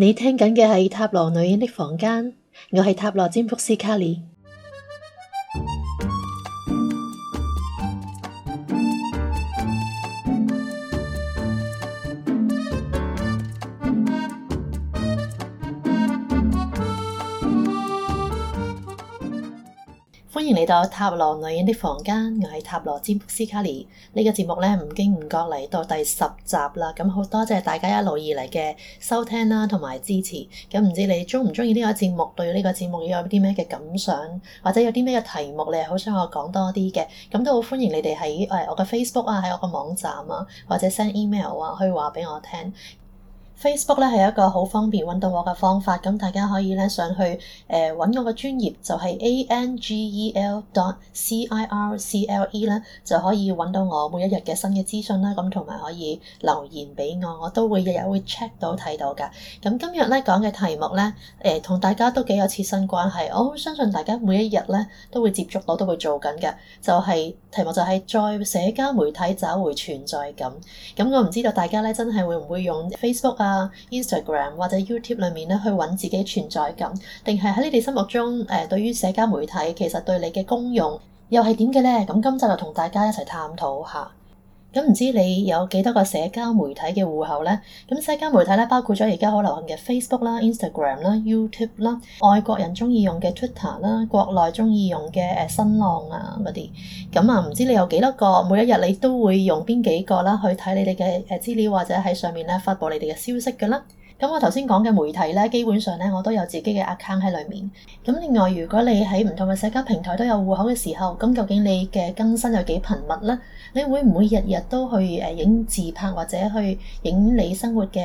你聽緊嘅係《塔羅女人的房間》，我係塔羅占卜師卡莉。歡迎嚟到塔羅女人的房間，我係塔羅詹姆斯卡尼。呢個節目咧唔經唔覺嚟到第十集啦，咁好多謝大家一路以嚟嘅收聽啦，同埋支持。咁唔知你中唔中意呢個節目？對呢個節目有啲咩嘅感想，或者有啲咩嘅題目你係好想我講多啲嘅？咁都好歡迎你哋喺誒我嘅 Facebook 啊，喺我個網站啊，或者 send email 啊，可以話俾我聽。Facebook 咧係一個好方便揾到我嘅方法，咁大家可以咧上去誒揾我嘅專頁，就係 A N G E L dot C I R C L E 咧，就可以揾到我每一日嘅新嘅資訊啦，咁同埋可以留言俾我，我都會日日會 check 到睇到噶。咁今日咧講嘅題目咧，誒同大家都幾有切身關係，我好相信大家每一日咧都會接觸到，我都會做緊嘅，就係題目就係在社交媒體找回存在感。咁我唔知道大家咧真係會唔會用 Facebook 啊？Instagram 或者 YouTube 裏面去揾自己存在感，定係喺你哋心目中，呃、對於社交媒體，其實對你嘅功用又係點嘅咧？咁今集就同大家一齊探討一下。咁唔知你有幾多個社交媒體嘅戶口呢？咁、嗯、社交媒體咧包括咗而家好流行嘅 Facebook 啦、Instagram 啦、YouTube 啦，外國人中意用嘅 Twitter 啦，國內中意用嘅誒、呃、新浪啊嗰啲。咁啊，唔、嗯、知你有幾多個？每一日你都會用邊幾個啦，去睇你哋嘅誒資料或者喺上面咧發布你哋嘅消息嘅啦。咁、嗯、我頭先講嘅媒體咧，基本上咧我都有自己嘅 account 喺裡面。咁、嗯、另外，如果你喺唔同嘅社交平台都有戶口嘅時候，咁、嗯、究竟你嘅更新有幾頻密呢？你會唔會日日都去誒影自拍或者去影你生活嘅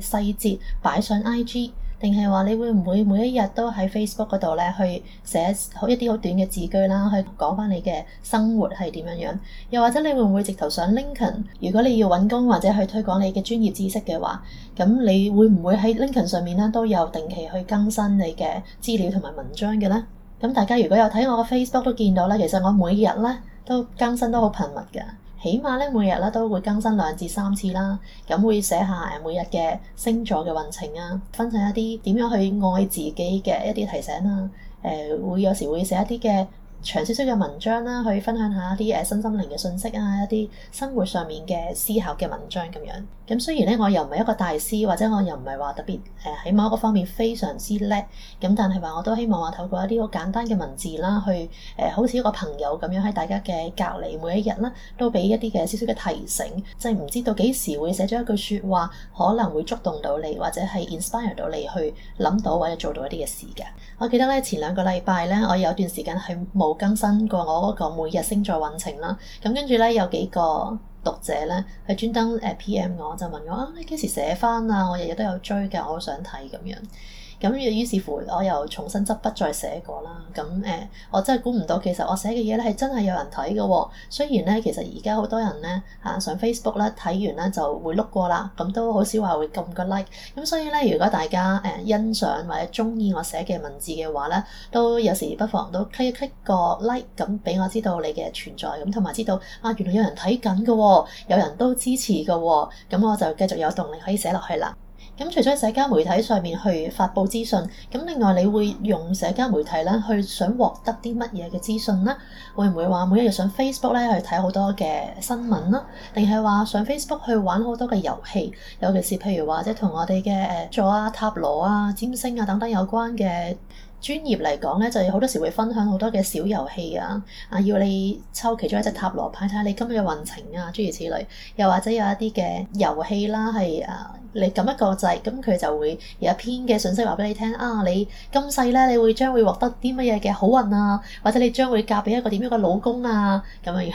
誒細節擺上 IG，定係話你會唔會每一日都喺 Facebook 嗰度咧去寫一啲好短嘅字句啦，去講翻你嘅生活係點樣樣？又或者你會唔會直頭上 LinkedIn？如果你要揾工或者去推廣你嘅專業知識嘅話，咁你會唔會喺 LinkedIn 上面咧都有定期去更新你嘅資料同埋文章嘅咧？咁大家如果有睇我嘅 Facebook 都見到啦，其實我每日咧都更新都好頻密嘅，起碼咧每日咧都會更新兩至三次啦。咁會寫下誒每日嘅星座嘅運程啊，分享一啲點樣去愛自己嘅一啲提醒啊。誒、呃、會有時會寫一啲嘅長少少嘅文章啦，去分享下一啲誒身心靈嘅信息啊，一啲生活上面嘅思考嘅文章咁樣。咁雖然咧，我又唔係一個大師，或者我又唔係話特別誒，喺、呃、某一個方面非常之叻。咁但係話我都希望話透過一啲好簡單嘅文字啦，去誒、呃、好似一個朋友咁樣喺大家嘅隔離每一日啦，都俾一啲嘅少少嘅提醒，就係、是、唔知道幾時會寫咗一句説話，可能會觸動到你，或者係 inspire 到你去諗到或者做到一啲嘅事嘅。我記得咧前兩個禮拜咧，我有段時間係冇更新過我嗰個每日星座運程啦。咁跟住咧有幾個。讀者咧係專登誒 PM 我，就問我啊，你幾時寫返啊？我日日都有追嘅，我好想睇咁樣。咁於是乎，我又重新執筆再寫過啦。咁誒、呃，我真係估唔到，其實我寫嘅嘢咧係真係有人睇嘅喎。雖然咧，其實而家好多人咧嚇、啊、上 Facebook 咧睇完咧就會碌過啦，咁都好少話會撳個 like。咁所以咧，如果大家誒、呃、欣賞或者中意我寫嘅文字嘅話咧，都有時不妨都 click 一 click 個 like，咁俾我知道你嘅存在，咁同埋知道啊原來有人睇緊嘅喎，有人都支持嘅喎、哦，咁我就繼續有動力可以寫落去啦。咁除咗喺社交媒體上面去發布資訊，咁另外你會用社交媒體咧去想獲得啲乜嘢嘅資訊呢？會唔會話每一日上 Facebook 咧去睇好多嘅新聞啦？定係話上 Facebook 去玩好多嘅遊戲？尤其是譬如話即同我哋嘅誒座啊、塔羅啊、占星啊等等有關嘅。專業嚟講呢就好多時會分享好多嘅小遊戲啊！啊，要你抽其中一隻塔羅牌睇下你今日嘅運程啊，諸如此類。又或者有一啲嘅遊戲啦，係啊，你撳一個掣，咁佢就會有一篇嘅信息話俾你聽啊。你今世呢，你會將會獲得啲乜嘢嘅好運啊，或者你將會嫁俾一個點樣嘅老公啊，咁樣樣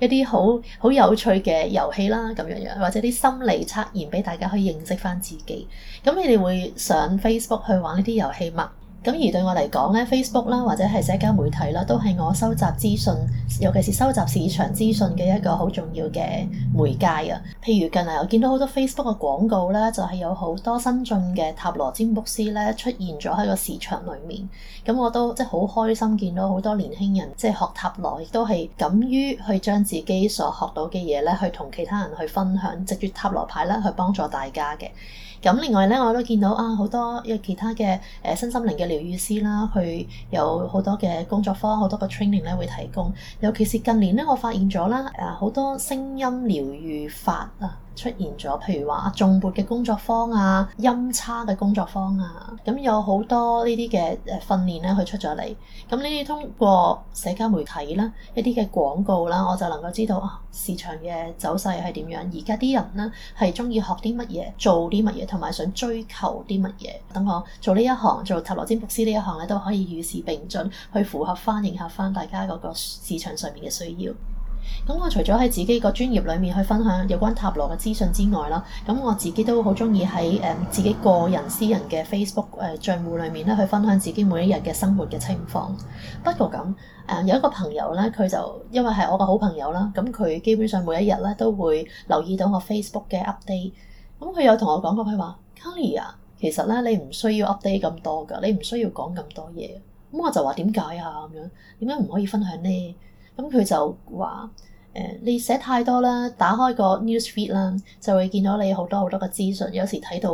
一啲好好有趣嘅遊戲啦，咁樣樣或者啲心理測驗俾大家可以認識翻自己。咁你哋會上 Facebook 去玩呢啲遊戲嗎？咁而對我嚟講咧，Facebook 啦，或者係社交媒體啦，都係我收集資訊，尤其是收集市場資訊嘅一個好重要嘅媒介啊。譬如近嚟我見到好多 Facebook 嘅廣告咧，就係、是、有好多新進嘅塔羅占卜師咧出現咗喺個市場裡面。咁、嗯、我都即係好開心見到好多年輕人即係學塔羅，亦都係敢於去將自己所學到嘅嘢咧，去同其他人去分享，藉住塔羅牌咧去幫助大家嘅。咁、嗯、另外咧，我都見到啊，好多有其他嘅誒身心靈嘅。療愈師啦，佢有好多嘅工作坊，好多嘅 training 咧，會提供。尤其是近年咧，我發現咗啦，誒，好多聲音療愈法啊。出現咗，譬如話頌缽嘅工作坊啊，音叉嘅工作坊啊，咁有好多呢啲嘅誒訓練咧，佢出咗嚟。咁呢啲通過社交媒體啦，一啲嘅廣告啦，我就能夠知道啊，市場嘅走勢係點樣。而家啲人呢，係中意學啲乜嘢，做啲乜嘢，同埋想追求啲乜嘢，等我做呢一行，做塔羅占卜師呢一行咧都可以與時並進，去符合翻迎合翻大家嗰個市場上面嘅需要。咁我除咗喺自己個專業裏面去分享有關塔羅嘅資訊之外啦，咁我自己都好鍾意喺誒自己個人私人嘅 Facebook 誒、呃、帳戶裏面咧去分享自己每一日嘅生活嘅情況。不過咁誒、呃、有一個朋友呢，佢就因為係我個好朋友啦，咁佢基本上每一日呢都會留意到我 Facebook 嘅 update。咁佢有同我講過，佢話「Kylie 啊，其實呢你唔需要 update 咁多噶，你唔需要講咁多嘢。咁我就話點解啊？咁樣點解唔可以分享呢？」咁佢、嗯、就話：誒、呃，你寫太多啦，打開個 news feed 啦，就會見到你好多好多嘅資訊，有時睇到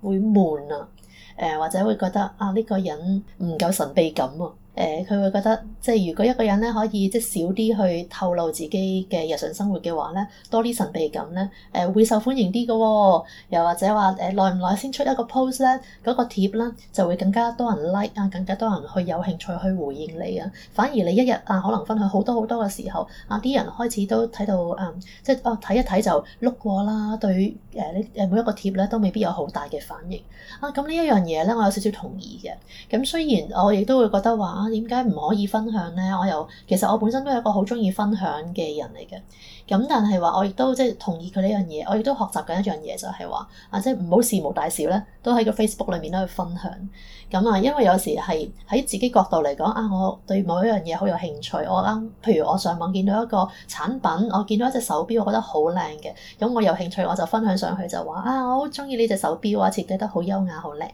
會悶啊，誒、呃、或者會覺得啊呢、呢個人唔夠神秘感啊。誒佢、呃、會覺得，即係如果一個人咧可以即係少啲去透露自己嘅日常生活嘅話咧，多啲神秘感咧，誒、呃、會受歡迎啲嘅喎。又或者話誒，耐唔耐先出一個 post 咧，嗰、那個貼咧就會更加多人 like 啊，更加多人去有興趣去回應你啊。反而你一日啊，可能分享好多好多嘅時候，啊啲人開始都睇到、嗯、啊，即係哦睇一睇就碌過啦，對誒呢誒每一個貼咧都未必有好大嘅反應啊。咁呢一樣嘢咧，我有少少同意嘅。咁雖然我亦都會覺得話。點解唔可以分享呢？我又其實我本身都係一個好中意分享嘅人嚟嘅，咁但係話我亦都即係同意佢呢樣嘢，我亦都學習緊一樣嘢，就係話啊，即係唔好事無大小咧，都喺個 Facebook 裏面都去分享。咁啊，因為有時係喺自己角度嚟講啊，我對某一樣嘢好有興趣，我啱，譬如我上網見到一個產品，我見到一隻手錶，我覺得好靚嘅，咁我有興趣我就分享上去就話啊，我好中意呢隻手錶啊，設計得好優雅，好靚。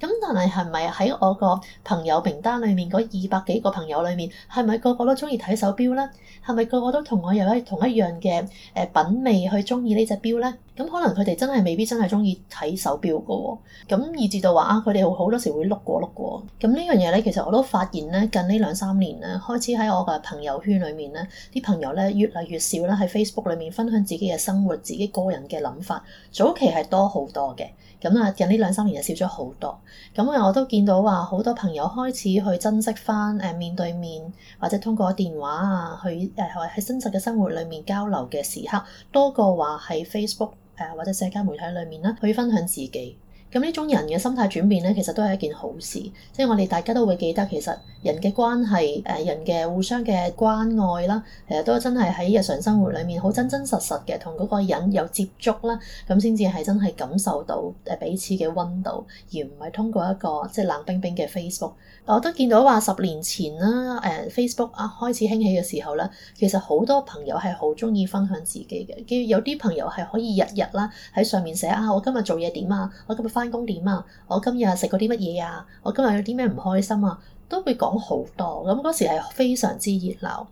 咁但係係咪喺我個朋友名單裏面嗰二百幾個朋友裏面係咪個個都中意睇手錶呢？係咪個個都同我有一同一樣嘅誒品味去中意呢隻錶呢？咁可能佢哋真係未必真係中意睇手錶噶喎。咁以至到話啊，佢哋好多時會碌過碌過。咁呢樣嘢呢，其實我都發現呢近呢兩三年呢，開始喺我嘅朋友圈裏面呢，啲朋友呢越嚟越少啦，喺 Facebook 裏面分享自己嘅生活、自己個人嘅諗法，早期係多好多嘅。咁啊，近呢兩三年就少咗好多。咁啊，我都見到話好多朋友開始去珍惜返誒面對面或者通過電話啊，去誒喺真實嘅生活裡面交流嘅時刻，多過話喺 Facebook 誒或者社交媒體裡面咧去分享自己。咁呢種人嘅心態轉變咧，其實都係一件好事。即係我哋大家都會記得，其實人嘅關係，誒人嘅互相嘅關愛啦，其實都真係喺日常生活裡面好真真實實嘅，同嗰個人有接觸啦，咁先至係真係感受到誒彼此嘅溫度，而唔係通過一個即係冷冰冰嘅 Facebook。我都見到話十年前啦，誒 Facebook 啊開始興起嘅時候咧，其實好多朋友係好中意分享自己嘅，有啲朋友係可以日日啦喺上面寫啊，我今日做嘢點啊，我今日。翻工點啊？我今日食過啲乜嘢啊？我今日有啲咩唔開心啊？都會講好多，咁嗰時係非常之熱鬧。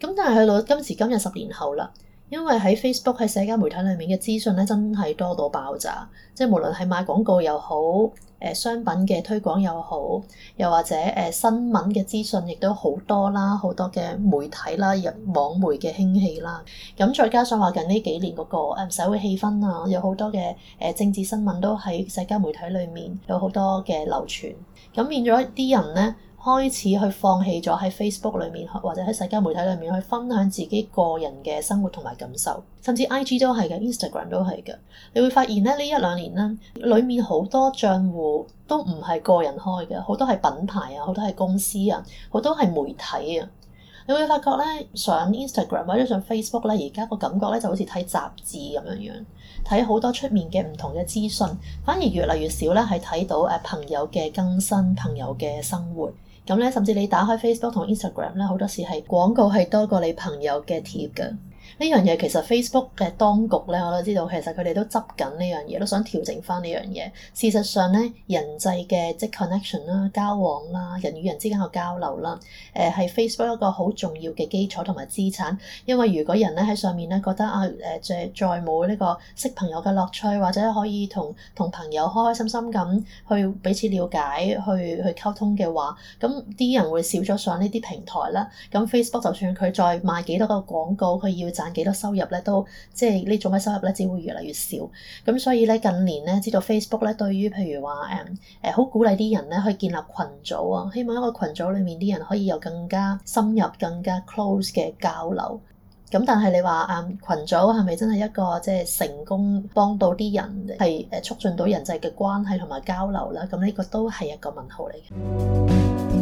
咁但係去到今時今日十年後啦，因為喺 Facebook 喺社交媒體裏面嘅資訊咧，真係多到爆炸，即係無論係買廣告又好。誒商品嘅推廣又好，又或者誒、呃、新聞嘅資訊亦都好多啦，好多嘅媒體啦，入網媒嘅興起啦，咁再加上話近呢幾年嗰、嗰個社、啊、會氣氛啊，有好多嘅誒、呃、政治新聞都喺社交媒體裏面有好多嘅流傳，咁變咗啲人呢，開始去放棄咗喺 Facebook 裏面，或者喺社交媒體裏面去分享自己個人嘅生活同埋感受，甚至 IG 都係嘅，Instagram 都係嘅。你會發現咧，呢一兩年咧，裏面好多帳戶都唔係個人開嘅，好多係品牌啊，好多係公司啊，好多係媒體啊。你會發覺咧，上 Instagram 或者上 Facebook 咧，而家個感覺咧就好似睇雜誌咁樣樣，睇好多出面嘅唔同嘅資訊，反而越嚟越少咧係睇到誒朋友嘅更新，朋友嘅生活。咁咧，甚至你打開 Facebook 同 Instagram 咧，好多時係廣告係多過你朋友嘅貼嘅。呢樣嘢其實 Facebook 嘅當局咧，我都知道其實佢哋都執緊呢樣嘢，都想調整翻呢樣嘢。事實上咧，人際嘅即 connection 啦、交往啦、人與人之間嘅交流啦，誒、呃、係 Facebook 一個好重要嘅基礎同埋資產，因為如果人咧喺上面咧覺得啊誒、呃，再再冇呢個識朋友嘅樂趣，或者可以同同朋友開開心心咁去彼此了解、去去溝通嘅話，咁啲人會少咗上呢啲平台啦。咁 Facebook 就算佢再賣幾多個廣告，佢要賺。幾多收入咧，都即係呢種嘅收入咧，只會越嚟越少。咁所以咧，近年咧，知道 Facebook 咧，對於譬如話誒誒，好、嗯嗯嗯、鼓勵啲人咧，去建立群組啊，希望一個群組裏面啲人可以有更加深入、更加 close 嘅交流。咁、嗯、但係你話誒、嗯、群組係咪真係一個即係成功幫到啲人係誒促進到人際嘅關係同埋交流咧？咁、嗯、呢、呢個都係一個問號嚟嘅。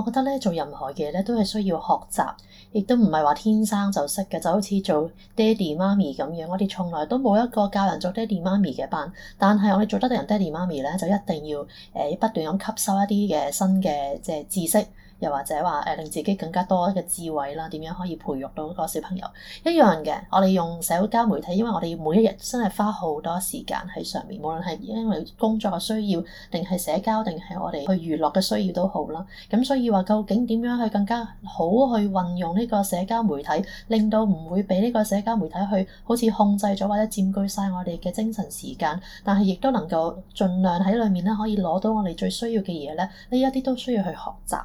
我覺得咧，做任何嘢咧都係需要學習，亦都唔係話天生就識嘅。就好似做爹哋媽咪咁樣，我哋從來都冇一個教人做爹哋媽咪嘅班，但係我哋做得人爹哋媽咪咧，就一定要誒、呃、不斷咁吸收一啲嘅新嘅即係知識。又或者話誒，令自己更加多嘅智慧啦，點樣可以培育到一個小朋友一樣嘅？我哋用社交媒體，因為我哋每一日真係花好多時間喺上面，無論係因為工作嘅需要，定係社交，定係我哋去娛樂嘅需要都好啦。咁所以話，究竟點樣去更加好去運用呢個社交媒體，令到唔會俾呢個社交媒體去好似控制咗或者佔據晒我哋嘅精神時間，但係亦都能夠盡量喺裡面咧可以攞到我哋最需要嘅嘢咧，呢一啲都需要去學習。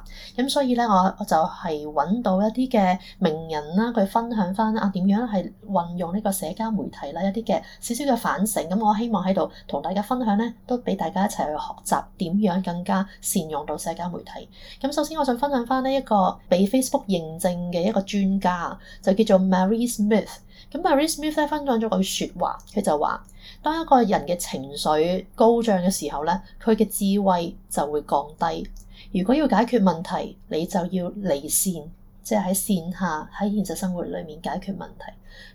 咁所以咧，我我就係揾到一啲嘅名人啦，佢分享翻啊點樣係運用呢個社交媒體啦，一啲嘅少少嘅反省。咁、嗯、我希望喺度同大家分享咧，都俾大家一齊去學習點樣更加善用到社交媒體。咁、嗯、首先我想分享翻呢一個被 Facebook 認證嘅一個專家，就叫做 Mary Smith。咁 Mary Smith 咧分享咗句説話，佢就話：當一個人嘅情緒高漲嘅時候咧，佢嘅智慧就會降低。如果要解決問題，你就要離線，即係喺線下喺現實生活裏面解決問題。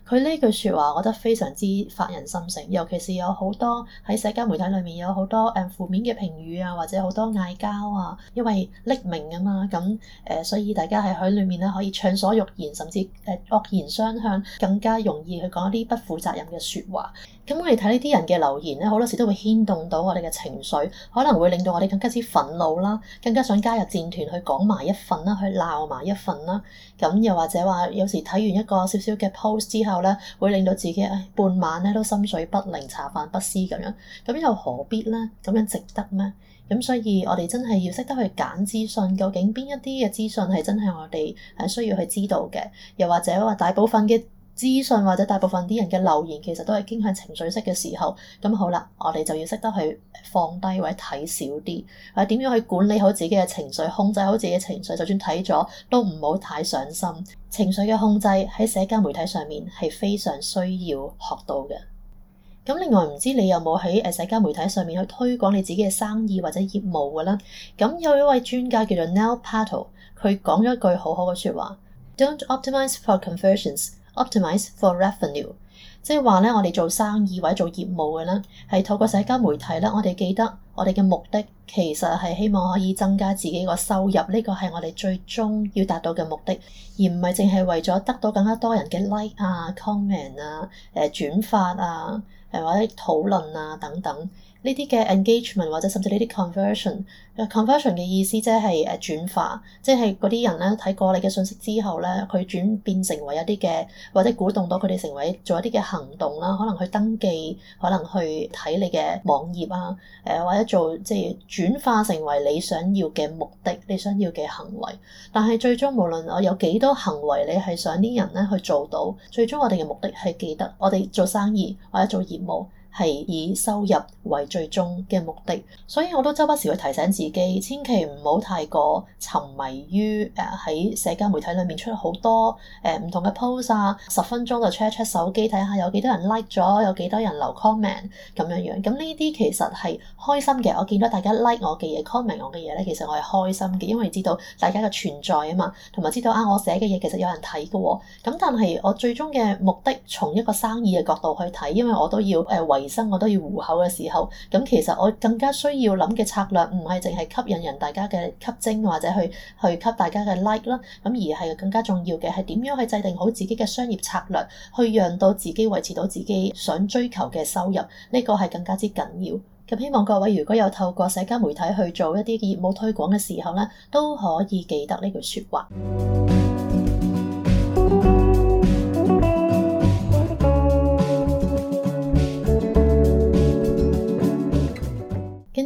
佢呢句説話，我覺得非常之發人深省，尤其是有好多喺社交媒體裏面有好多誒負面嘅評語啊，或者好多嗌交啊，因為匿名啊嘛，咁誒，所以大家係喺裏面咧可以暢所欲言，甚至誒惡言相向，更加容易去講一啲不負責任嘅説話。咁我哋睇呢啲人嘅留言咧，好多時都會牽動到我哋嘅情緒，可能會令到我哋更加之憤怒啦，更加想加入戰團去講埋一份啦，去鬧埋一份啦。咁又或者話，有時睇完一個小小嘅 post 之後咧，會令到自己唉、哎、半晚咧都心水不寧、茶飯不思咁樣。咁又何必咧？咁樣值得咩？咁所以，我哋真係要識得去揀資訊，究竟邊一啲嘅資訊係真係我哋係需要去知道嘅，又或者話大部分嘅資訊或者大部分啲人嘅留言，其實都係傾向情緒式嘅時候。咁好啦，我哋就要識得去放低或者睇少啲，或者點樣去管理好自己嘅情緒，控制好自己嘅情緒。就算睇咗都唔好太上心。情緒嘅控制喺社交媒體上面係非常需要學到嘅。咁另外唔知你有冇喺社交媒體上面去推廣你自己嘅生意或者業務嘅呢？咁有一位專家叫做 Neil Patel，佢講咗一句好好嘅説話：Don't optimize for conversions。Optimize for revenue，即係話咧，我哋做生意或者做業務嘅咧，係透過社交媒體咧，我哋記得我哋嘅目的其實係希望可以增加自己個收入，呢個係我哋最終要達到嘅目的，而唔係淨係為咗得到更加多人嘅 like 啊、comment 啊、誒、呃、轉發啊，誒或者討論啊等等。呢啲嘅 engagement 或者甚至呢啲 conversion，conversion 嘅意思即係誒轉化，即係嗰啲人咧睇過你嘅信息之後咧，佢轉變成為一啲嘅，或者鼓動到佢哋成為做一啲嘅行動啦，可能去登記，可能去睇你嘅網頁啊，誒、呃、或者做即係、就是、轉化成為你想要嘅目的，你想要嘅行為，但係最終無論我有幾多行為你，你係想啲人咧去做到，最終我哋嘅目的係記得，我哋做生意或者做業務。係以收入為最終嘅目的，所以我都周不時去提醒自己，千祈唔好太過沉迷於呃、喺社交媒體裏面出好多呃、唔同嘅 post 啊，十分鐘就 check check 手機睇下有幾多人 like 咗，有幾多人留 comment 咁樣樣。咁呢啲其實係開心嘅，我見到大家 like 我嘅嘢，comment 我嘅嘢呢，其實我係開心嘅，因為知道大家嘅存在啊嘛，同埋知道啊我寫嘅嘢其實有人睇嘅喎。咁但係我最終嘅目的，從一個生意嘅角度去睇，因為我都要誒、呃我生我都要糊口嘅時候，咁其實我更加需要諗嘅策略，唔係淨係吸引人，大家嘅吸睛或者去去給大家嘅 like 啦，咁而係更加重要嘅係點樣去制定好自己嘅商業策略，去讓到自己維持到自己想追求嘅收入呢？呢個係更加之緊要。咁希望各位如果有透過社交媒體去做一啲業務推廣嘅時候呢，都可以記得呢句說話。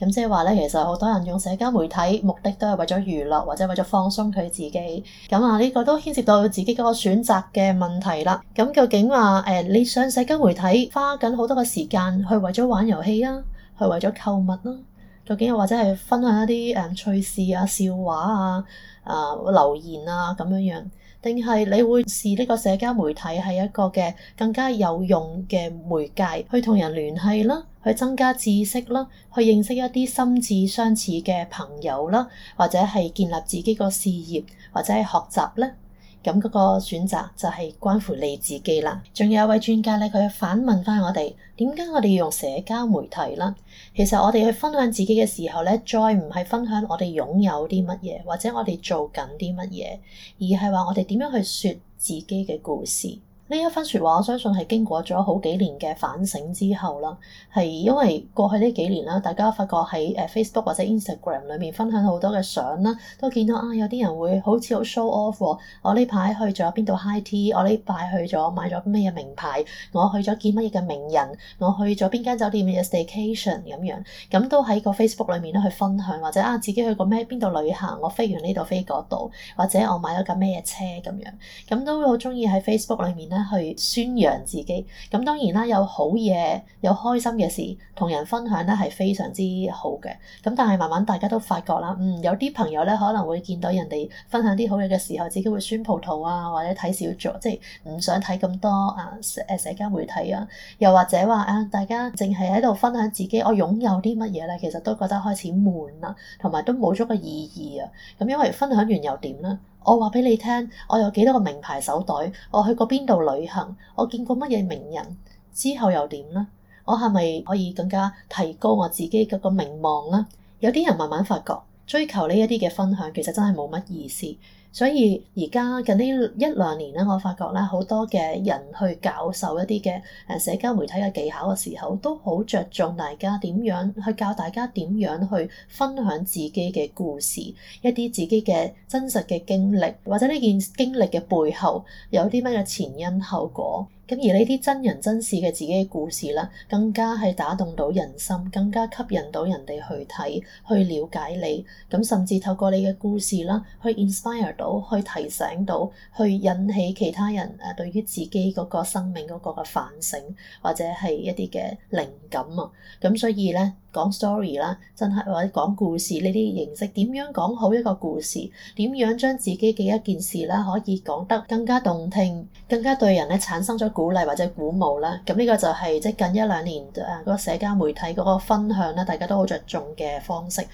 咁即係話咧，其實好多人用社交媒體目的都係為咗娛樂，或者為咗放鬆佢自己。咁啊，呢、這個都牽涉到自己嗰個選擇嘅問題啦。咁究竟話誒、呃，你上社交媒體花緊好多嘅時間去為咗玩遊戲啊，去為咗購物啦、啊？究竟又或者係分享一啲誒趣事啊、笑話啊、啊、呃、留言啊咁樣樣，定係你會視呢個社交媒體係一個嘅更加有用嘅媒介去同人聯繫啦？去增加知識啦，去認識一啲心智相似嘅朋友啦，或者係建立自己個事業，或者係學習咧。咁嗰個選擇就係關乎你自己啦。仲有一位專家咧，佢反問翻我哋：點解我哋要用社交媒體咧？其實我哋去分享自己嘅時候咧，再唔係分享我哋擁有啲乜嘢，或者我哋做緊啲乜嘢，而係話我哋點樣去説自己嘅故事。呢一番説話，我相信係經過咗好幾年嘅反省之後啦，係因為過去呢幾年啦，大家發覺喺誒 Facebook 或者 Instagram 裏面分享好多嘅相啦，都見到啊有啲人會好似好 show off 喎，我呢排去咗邊度 high tea，我呢排去咗買咗咩嘢名牌，我去咗見乜嘢嘅名人，我去咗邊間酒店嘅 staycation 咁樣，咁都喺個 Facebook 裏面咧去分享，或者啊自己去過咩邊度旅行，我飛完呢度飛嗰度，或者我買咗架咩嘢車咁樣，咁都好中意喺 Facebook 裏面咧，去宣揚自己，咁當然啦，有好嘢，有開心嘅事，同人分享咧係非常之好嘅。咁但係慢慢大家都發覺啦，嗯，有啲朋友咧可能會見到人哋分享啲好嘢嘅時候，自己會酸葡萄啊，或者睇少咗，即係唔想睇咁多啊社啊社交媒體啊，又或者話啊，大家淨係喺度分享自己我擁有啲乜嘢咧，其實都覺得開始悶啦，同埋都冇咗個意義啊。咁因為分享完又點呢？我話畀你聽，我有幾多個名牌手袋，我去過邊度旅行，我見過乜嘢名人，之後又點呢？我係咪可以更加提高我自己嗰個名望呢？有啲人慢慢發覺，追求呢一啲嘅分享，其實真係冇乜意思。所以而家近呢一兩年咧，我發覺咧，好多嘅人去教授一啲嘅誒社交媒體嘅技巧嘅時候，都好着重大家點樣去教大家點樣去分享自己嘅故事，一啲自己嘅真實嘅經歷，或者呢件經歷嘅背後有啲咩嘅前因後果。而呢啲真人真事嘅自己嘅故事啦，更加係打動到人心，更加吸引到人哋去睇、去了解你。咁甚至透過你嘅故事啦，去 inspire 到、去提醒到、去引起其他人誒對於自己嗰個生命嗰個嘅反省，或者係一啲嘅靈感啊。咁所以咧。講 story 啦，真係或者講故事呢啲形式，點樣講好一個故事？點樣將自己嘅一件事啦，可以講得更加動聽，更加對人咧產生咗鼓勵或者鼓舞啦？咁呢個就係即近一兩年誒、嗰個社交媒體嗰個分享啦，大家都好着重嘅方式。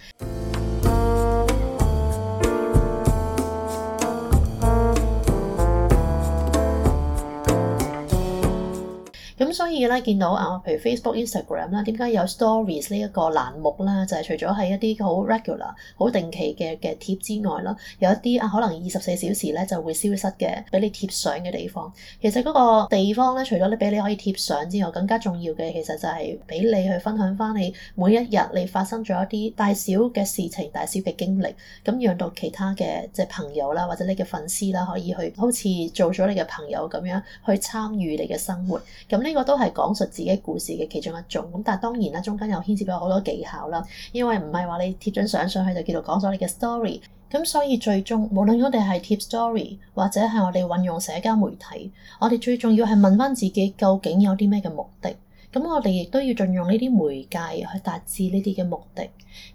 咁所以咧，見到啊，譬如 Facebook、Instagram 啦，點解有 Stories 呢一個欄目咧？就係除咗係一啲好 regular、好定期嘅嘅貼之外啦，有一啲啊，可能二十四小時咧就會消失嘅，俾你貼相嘅地方。其實嗰個地方咧，除咗你俾你可以貼相之外，更加重要嘅其實就係俾你去分享翻你每一日你發生咗一啲大小嘅事情、大小嘅經歷，咁讓到其他嘅即係朋友啦，或者你嘅粉絲啦，可以去好似做咗你嘅朋友咁樣去參與你嘅生活。咁呢個都係講述自己故事嘅其中一種，咁但係當然啦，中間又牽涉咗好多技巧啦，因為唔係話你貼咗相上去就叫做講咗你嘅 story，咁所以最終無論我哋係貼 story 或者係我哋運用社交媒體，我哋最重要係問翻自己究竟有啲咩嘅目的。咁我哋亦都要盡用呢啲媒介去達至呢啲嘅目的。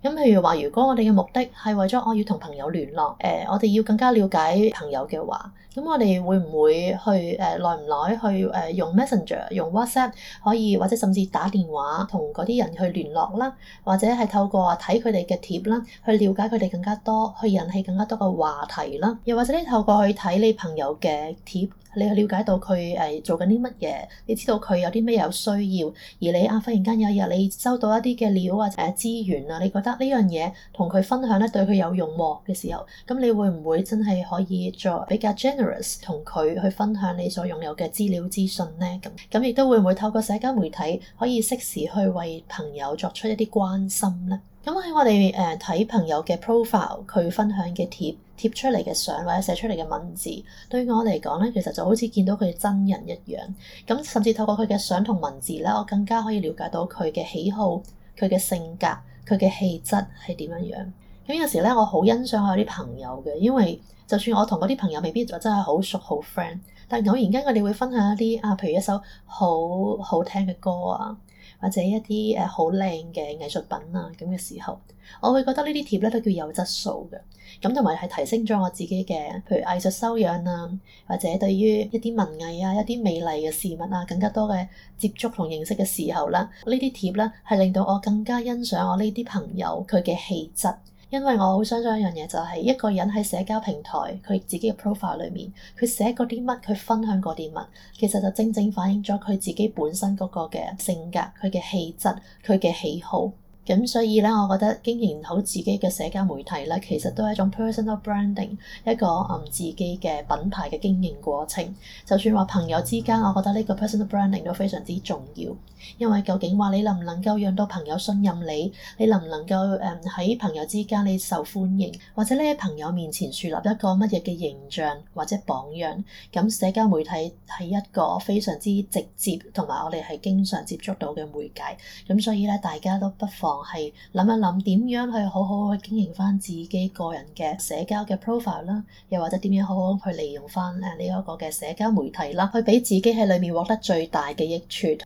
咁譬如話，如果我哋嘅目的係為咗我要同朋友聯絡，誒、呃，我哋要更加了解朋友嘅話，咁我哋會唔會去誒、呃、耐唔耐去誒、呃、用 Messenger、用 WhatsApp，可以或者甚至打電話同嗰啲人去聯絡啦，或者係透過睇佢哋嘅貼啦，去了解佢哋更加多，去引起更加多嘅話題啦。又或者你透過去睇你朋友嘅貼，你去了解到佢誒做緊啲乜嘢，你知道佢有啲咩有需要。而你啊，忽然間有一日你收到一啲嘅料啊，誒資源啊，你覺得呢樣嘢同佢分享咧，對佢有用嘅時候，咁你會唔會真係可以作比較 generous 同佢去分享你所擁有嘅資料資訊咧？咁咁亦都會唔會透過社交媒體可以適時去為朋友作出一啲關心咧？咁喺我哋誒睇朋友嘅 profile，佢分享嘅貼。貼出嚟嘅相或者寫出嚟嘅文字，對於我嚟講咧，其實就好似見到佢真人一樣。咁甚至透過佢嘅相同文字咧，我更加可以了解到佢嘅喜好、佢嘅性格、佢嘅氣質係點樣樣。咁有時咧，我好欣賞我啲朋友嘅，因為就算我同嗰啲朋友未必就真係好熟好 friend，但偶然間我哋會分享一啲啊，譬如一首好好聽嘅歌啊。或者一啲誒好靚嘅藝術品啊咁嘅時候，我會覺得呢啲貼都叫有質素嘅，咁同埋係提升咗我自己嘅，譬如藝術修養啊，或者對於一啲文藝啊、一啲美麗嘅事物啊，更加多嘅接觸同認識嘅時候啦，呢啲貼呢，係令到我更加欣賞我呢啲朋友佢嘅氣質。因為我好相信一樣嘢，就係一個人喺社交平台佢自己嘅 profile 裏面，佢寫嗰啲乜，佢分享嗰啲乜，其實就正正反映咗佢自己本身嗰個嘅性格、佢嘅氣質、佢嘅喜好。咁所以咧，我覺得經營好自己嘅社交媒體咧，其實都係一種 personal branding，一個嗯自己嘅品牌嘅經營過程。就算話朋友之間，我覺得呢個 personal branding 都非常之重要，因為究竟話你能唔能夠讓到朋友信任你，你能唔能夠誒喺、嗯、朋友之間你受歡迎，或者你喺朋友面前樹立一個乜嘢嘅形象或者榜樣，咁社交媒體係一個非常之直接同埋我哋係經常接觸到嘅媒介，咁所以咧，大家都不妨。係諗一諗點樣去好好去經營翻自己個人嘅社交嘅 profile 啦，又或者點樣好好去利用翻誒呢一個嘅社交媒體啦，去俾自己喺裏面獲得最大嘅益處。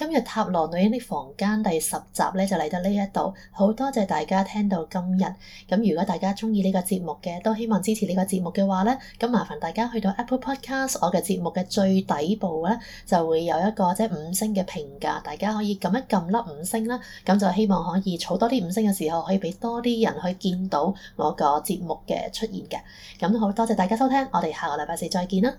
今日《塔羅女人的房間》第十集咧就嚟到呢一度，好多謝大家聽到今日。咁如果大家鍾意呢個節目嘅，都希望支持呢個節目嘅話咧，咁麻煩大家去到 Apple Podcast 我嘅節目嘅最底部咧，就會有一個即係五星嘅評價，大家可以撳一撳粒五星啦。咁就希望可以儲多啲五星嘅時候，可以俾多啲人去見到我個節目嘅出現嘅。咁好多謝大家收聽，我哋下個禮拜四再見啦！